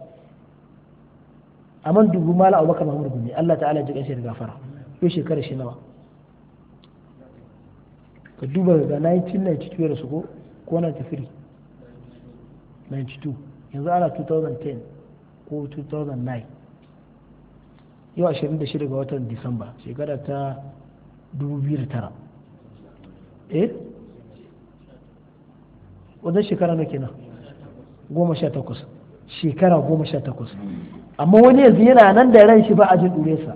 amma dubu malam mala abubakar mahmud gumi allah ta'ala ji ƙashe da gafara ko shekara shi nawa ka duba ga 1992 rasu ko ko 93 92 yanzu ana 2010 ko 2009 yau 26 ga watan disamba shekara ta 2009 eh wajen shekara na kenan goma sha takwas shekara goma sha takwas amma wani yanzu yana nan da ran shi ba a jin sa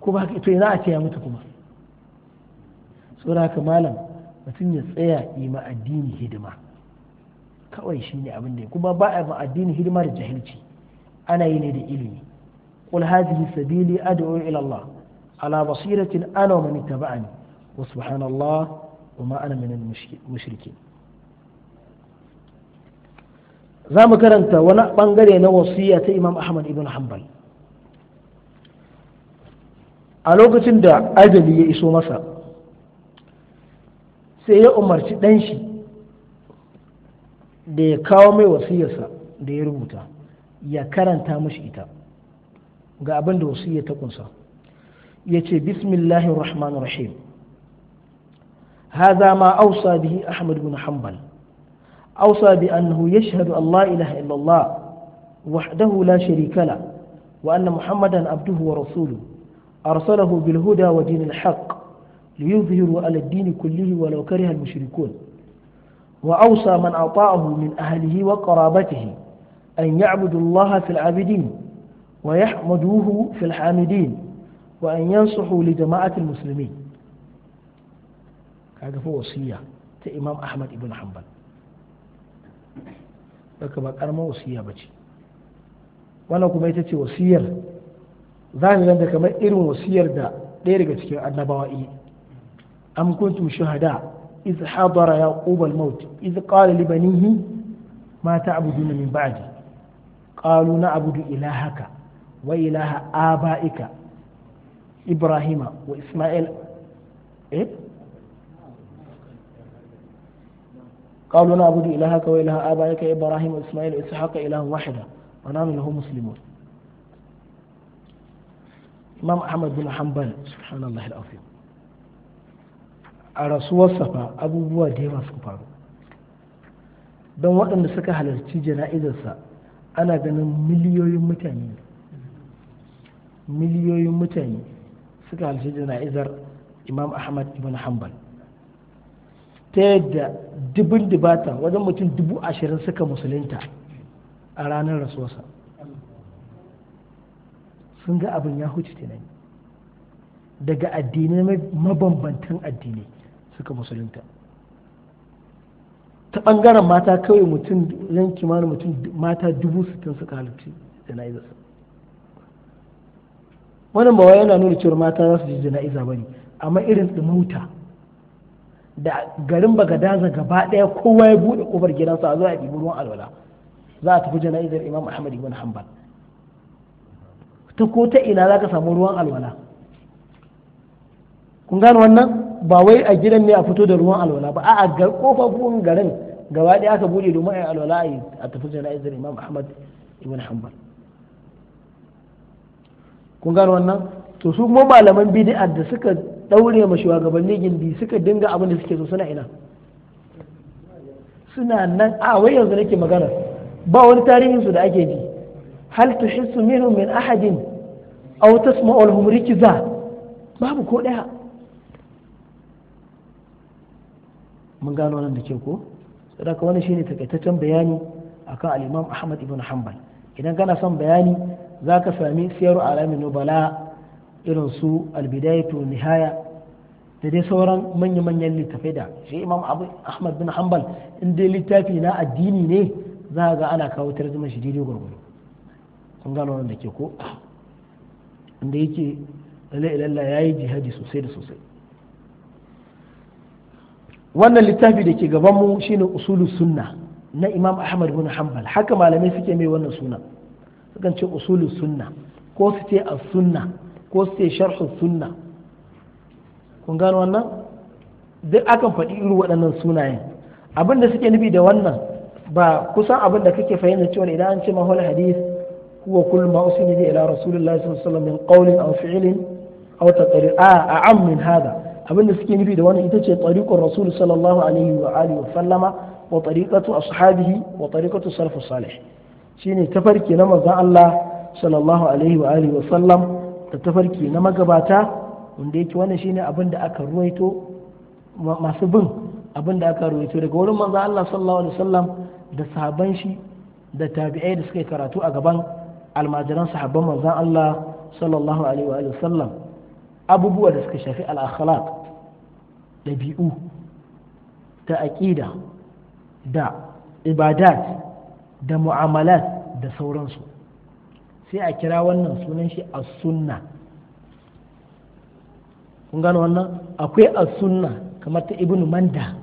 ko ba to yana a ce ya mutu kuma saboda haka malam mutum ya tsaya yi ma addini hidima kawai shine abin da kuma ba a ma addini hidima da jahilci ana yi ne da ilimi qul hadhihi sabili ad'u ila Allah ala basiratin ana wa man ittaba'ani wa subhanallah wa ma ana min al-mushrikin za mu karanta wani bangare na wasiya ta Imam Ahmad ibn Hanbal a lokacin da ajali ya iso masa sai ya umarci shi da ya kawo mai wasiyarsa da ya rubuta ya karanta mashi ita ga abin da wasiyar ta kunsa ya ce bismillahir rahmanir rahim هذا ما أوصى به أحمد بن حنبل أوصى بأنه يشهد أن لا إله إلا الله وحده لا شريك له وأن محمدا عبده ورسوله أرسله بالهدى ودين الحق ليظهروا على الدين كله ولو كره المشركون وأوصى من أطاعه من أهله وقرابته أن يعبدوا الله في العابدين ويحمدوه في الحامدين وأن ينصحوا لجماعة المسلمين هذا هو وصية إمام أحمد بن حنبل haka ba karamar wasiya ba ce wannan kuma ita ce wasiyar za mu da kamar irin wasiyar da ɗaya daga cikin annabawa yi am kuntum shuhada إذ حضر يعقوب الموت إذ قال لبنيه ما تعبدون من بعدي قالوا نعبد إلهك وإله آبائك إبراهيم وإسماعيل إيه؟ قالوا نعبد إلهك وإله آبائك إبراهيم وإسماعيل وإسحاق إله واحدة ونحن له مسلمون إمام أحمد بن حنبل سبحان الله العظيم a rasuwar safa abubuwa da yawa suka faru don waɗanda suka halarci jana'izarsa ana ganin miliyoyin mutane miliyoyin mutane suka halarci jana'izar imam ahmad ibn hanbal ta yadda dubin dubata wajen mutum dubu ashirin suka musulunta a ranar rasuwarsa sun ga abin ya huce tunani daga addinai mabambantan addinai suka musulunta ta bangaren mata kawai mutum yan kimanin mutum mata dubu sittin suka halarci su, wannan bawa yana nuna cewa mata za su ji jana'iza ba ne amma irin mota da garin daza gaba ɗaya kowa ya buɗe ƙofar gidan a zo a ɗibi ruwan alwala za a tafi jana'izar imam ahmad ibn hanbal ta ko ta ina za ka samu ruwan alwala kun gane wannan ba wai a gidan ne a fito da ruwan alwala ba a ga kofofin garin gaba ɗaya aka bude domin a yi alwala a a tafi jana'izar Imam Ahmad ibn Hanbal kun gano wannan to su kuma malaman bid'a da suka daure ma shugabanni gindi suka dinga abin da suke so suna ina suna nan a wai yanzu nake magana ba wani tarihin su da ake ji hal tuhissu minhum min ahadin aw tasma'u lahum rikza babu ko daya mun gano nan da ke ko saboda wani shine takaitaccen bayani akan al-Imam Ahmad ibn Hanbal idan kana son bayani zaka sami siyaru alamin nubala irin su al-bidayatu nihaya da dai sauran manya-manyan littafai da shi Imam Ahmad bin Hanbal in dai littafi na addini ne za ga ana kawo tarjuma shi daidai gurgurdu kun gano nan da ke ko inda yake lalle ilalla yayi jihadi sosai da sosai wannan littafi da ke gabanmu shine usulu sunna na imam ahmad bin hanbal haka malamai suke mai wannan suna sukan ce usulu sunna ko su ce a sunna ko su ce sharhu sunna kun gano wannan duk akan faɗi irin waɗannan sunayen abin da suke nufi da wannan ba kusan abin da kake fahimta cewa idan an ce mahol hadith huwa kullu ma usnida ila rasulullahi sallallahu alaihi wasallam min qawlin aw fi'lin aw taqrir a a'am min hada abin da suke nufi da wannan ita ce tariqur rasul sallallahu alaihi wa alihi wa sallama wa tariqatu ashabihi wa tariqatu salafus salih shine tafarki na manzon Allah sallallahu alaihi wa alihi wa sallam da tafarki na magabata wanda yake wannan shine abin da aka ruwaito masu bin abin da aka ruwaito daga wurin manzon Allah sallallahu alaihi wa sallam da sahaban shi da tabi'ai da suka yi karatu a gaban almajiran sahabban manzon Allah sallallahu alaihi wa sallam abubuwa da suka shafi al-akhlaq ɗabi'u da aƙida da ibadat da mu'amalat da sauransu sai a kira wannan sunan shi a sunna kun gano wannan akwai a sunna kamar ta ibn manda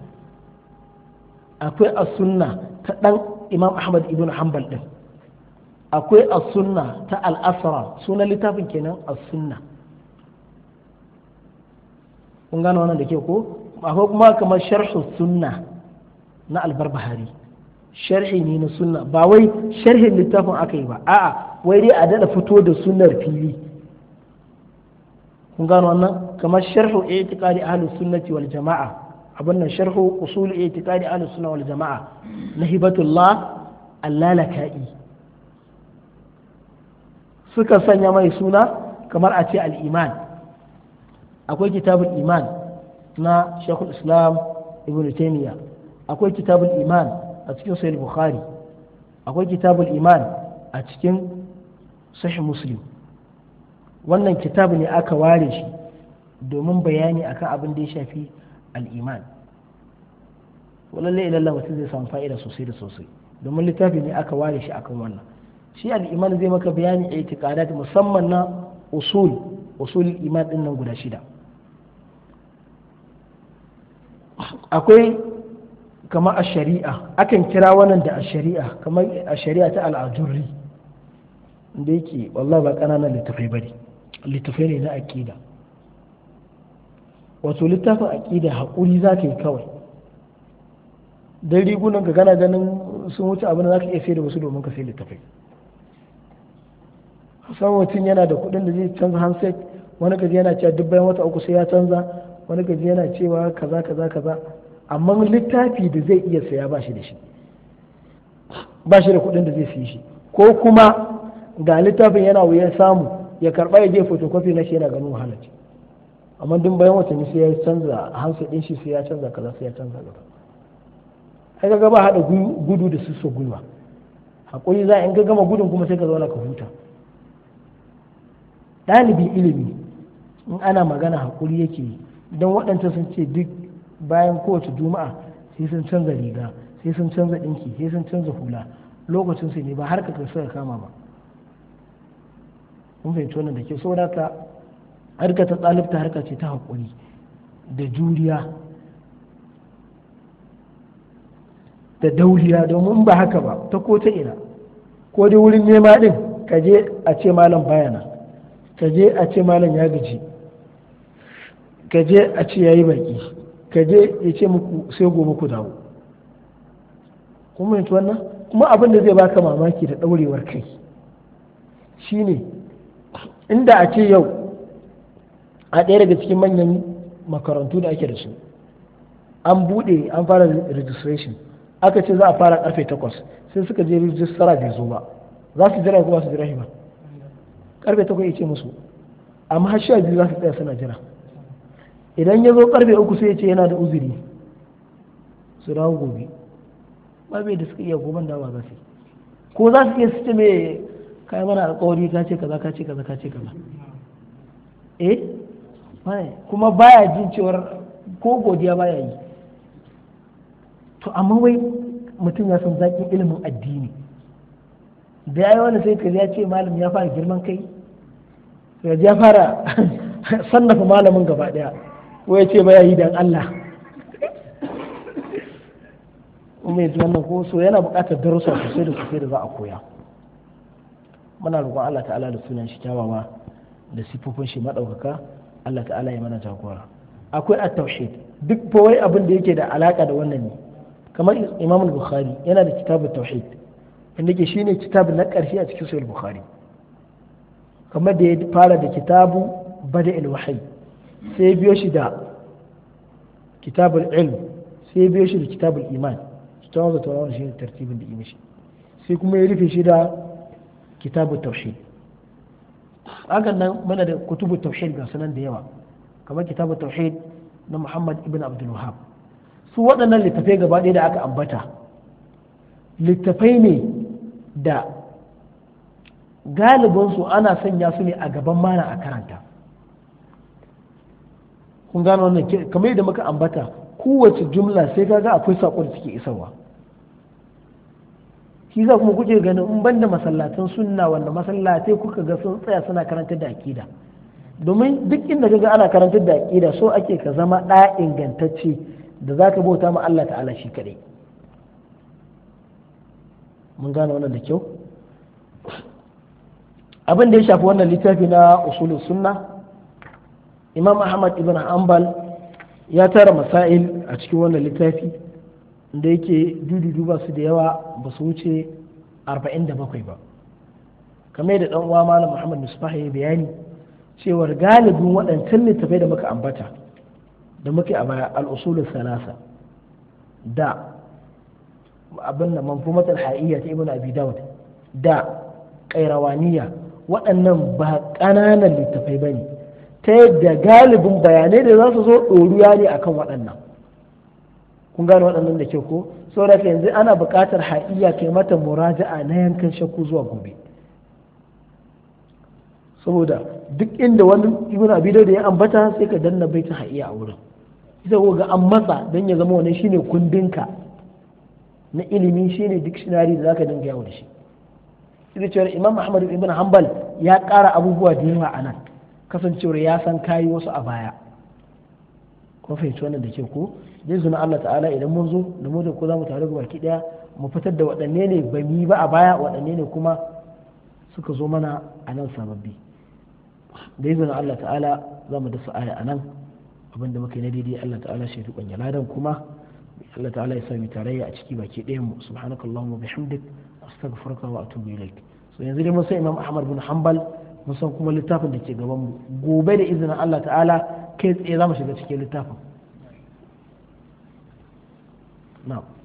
akwai a sunna ta ɗan imam ahmad ibn hanbal ɗin akwai a sunna ta al'asara sunan littafin kenan a sunna kun gano wannan da ke ko akwai kuma kamar sharhu sunna na albarbahari sharhi ne na sunna ba wai sharhin littafin aka yi ba a'a wai dai a dada fito da sunnar fili kun gano wannan kamar sharhu i'tiqadi ahlus sunnati wal jama'a abin nan sharhu usul i'tiqadi ahlus sunna wal jama'a na hibatullah allalaka'i suka sanya mai suna kamar a ce al-iman akwai kitabul iman na shekul islam ibn taymiya akwai kitabul iman a cikin sahih bukhari akwai kitabul iman a cikin sahih muslim wannan kitabu ne aka ware shi domin bayani akan abin da ya shafi al'iman walalle ilallah mutum zai samu fa'ida sosai da sosai domin littafi ne aka ware shi akan wannan shi al'iman zai maka bayani a musamman na usul usul iman din nan guda shida akwai kama a shari'a akan kira wannan da a shari'a kamar a shari'a ta al'adurri da yake wallah ba ƙananan littafai ba ne littafai ne na aƙida wato littafin aƙida haƙuri za ka yi kawai don rigunan ka gana ganin sun wuce abin da za ka iya sai da wasu domin ka sai littafai san mutum yana da kuɗin da zai canza handset wani gaji yana cewa duk bayan wata uku sai ya canza wani gaji yana cewa kaza kaza kaza amma littafi da zai iya saya ba shi da shi ba shi da kuɗin da zai siye shi ko kuma ga littafin yana wuyan samu ya karba ya je fotokofi na shi yana ganin wahala ce amma duk bayan watanni sai ya canza hansu din shi sai ya canza kaza sai ya canza kaza ai ga ba hada gudu da su so gwiwa hakuri za in ga gama gudun kuma sai ka zauna ka huta ɗalibin ilimi in ana magana hakuri yake don waɗancan sun ce duk bayan kowace juma'a sai sun canza riga sai sun canza ɗinki sai sun canza hula lokacin su ne ba har ka suka kama ba mun fahimci wannan da ke so haka harka ta tsalibta harka ce ta haƙuri da juriya da dauriya domin ba haka ba ta ko ta ina ko dai wurin nema ɗin ka je a ce malam bayana ka je a ce malam ya gaji Kaje je a ce yayi baki kaje je ya ce muku sai gobe ku dawo kuma yanzu wannan kuma abin da zai baka mamaki da daurewar kai shine inda a ce yau a ɗaya daga cikin manyan makarantu da ake da su an buɗe an fara registration aka ce za a fara karfe takwas sai suka je rijistara bai zo ba za su jira ko ba su jira ba karfe takwas ya ce musu amma har sha biyu za su tsaya suna jira idan ya zo karfe uku sai ya ce yana da uzuri su dawo gobe ba bai da suka iya goban dawa ba sai ko za su iya su ce mai kai mana alkawari ka ce kaza ka ce kaza ka ce kaza eh kuma baya jin cewar ko godiya baya yi to amma wai mutum ya san zaki ilimin addini da ya yi wani sai ka ya ce malam ya fara girman kai ya fara sannafa malamin gaba daya. ko ya ce baya yi dan Allah kuma yanzu wannan ko so yana buƙatar darussa sosai da sosai da za a koya muna roƙon Allah ta'ala da sunan shi kyawawa da sifofin shi madaukaka Allah ta'ala ya mana jagora akwai at-tauhid duk kowai wai abin da yake da alaka da wannan ne kamar Imam Bukhari yana da kitabut tauhid inda ke shine kitab na ƙarshe a cikin sahih Bukhari kamar da ya fara da kitabu bada'il wahyi sai biyo shi da kitabul ilm sai biyo shi da kitabul iman kitabun da tawon shi tartibin da yi mishi sai kuma ya rufe shi da kitabul tawhid hakan nan muna da kutubul tawhid ga sanan da yawa kamar kitabul tawhid na Muhammad ibn Abdul Wahhab su waɗannan littafai gaba ɗaya da aka ambata littafai ne da galibinsu ana sanya su ne a gaban mana a karanta kun gano wannan kamar yadda muka ambata kowace jumla sai ka ga akwai sako da suke isarwa shi za kuma kuke ganin in banda masallatan sunna wanda masallatai kuka ga sun tsaya suna karantar da akida domin duk inda kaga ana karantar da akida so ake ka zama ɗa ingantacce da za ka bauta ma Allah ta'ala shi kaɗai mun gane wannan da kyau abin da ya shafi wannan littafi na usulun sunna imam ahmad ibn hanbal ya tara masail a cikin wannan littafi da yake dudu duba su da yawa ba su wuce 47 ba kamar da dan uwa malam muhammad misbah ya bayani cewar galibin waɗancan littafai da muka ambata da muke a baya al-usul salasa da abin da manfumat al-ha'iyya ta ibn abi dawud da qairawaniya waɗannan ba ƙananan littafai bane ta yadda galibin bayanai da za su zo ɗoruwa ne akan waɗannan kun gane waɗannan da ke ko saboda yanzu ana buƙatar ha'iya kai mata muraja'a na yankan shakku zuwa gobe saboda duk inda wani ibn abi da ya ambata sai ka danna baita ha'iya a wurin ita ga an matsa don ya zama wani shine kundinka na ilimi shine dictionary da zaka dinga yawo da shi ita cewa imam ahmad ibn hanbal ya ƙara abubuwa da yawa a nan kasancewar ya san kayi wasu a baya ko fahimci wannan da ke ko zai zuna Allah ta'ala idan mun zo da mu da ku za mu tare baki daya mu fitar da waɗanne ne ba mi ba a baya waɗanne ne kuma suka zo mana a nan sababbi da izinin Allah ta'ala za mu dasa aya a nan abinda muka yi na daidai Allah ta'ala shi rikon ladan kuma Allah ta'ala ya sami tarayya a ciki baki ɗayan mu subhanakallahumma bihamdik astaghfiruka wa atubu ilaik so yanzu dai mun sai Imam Ahmad bin Hanbal san kuma littafin da ke gaban mu gobe da izinin Allah ta'ala kai tsaye za mu shiga cikin littafin na'am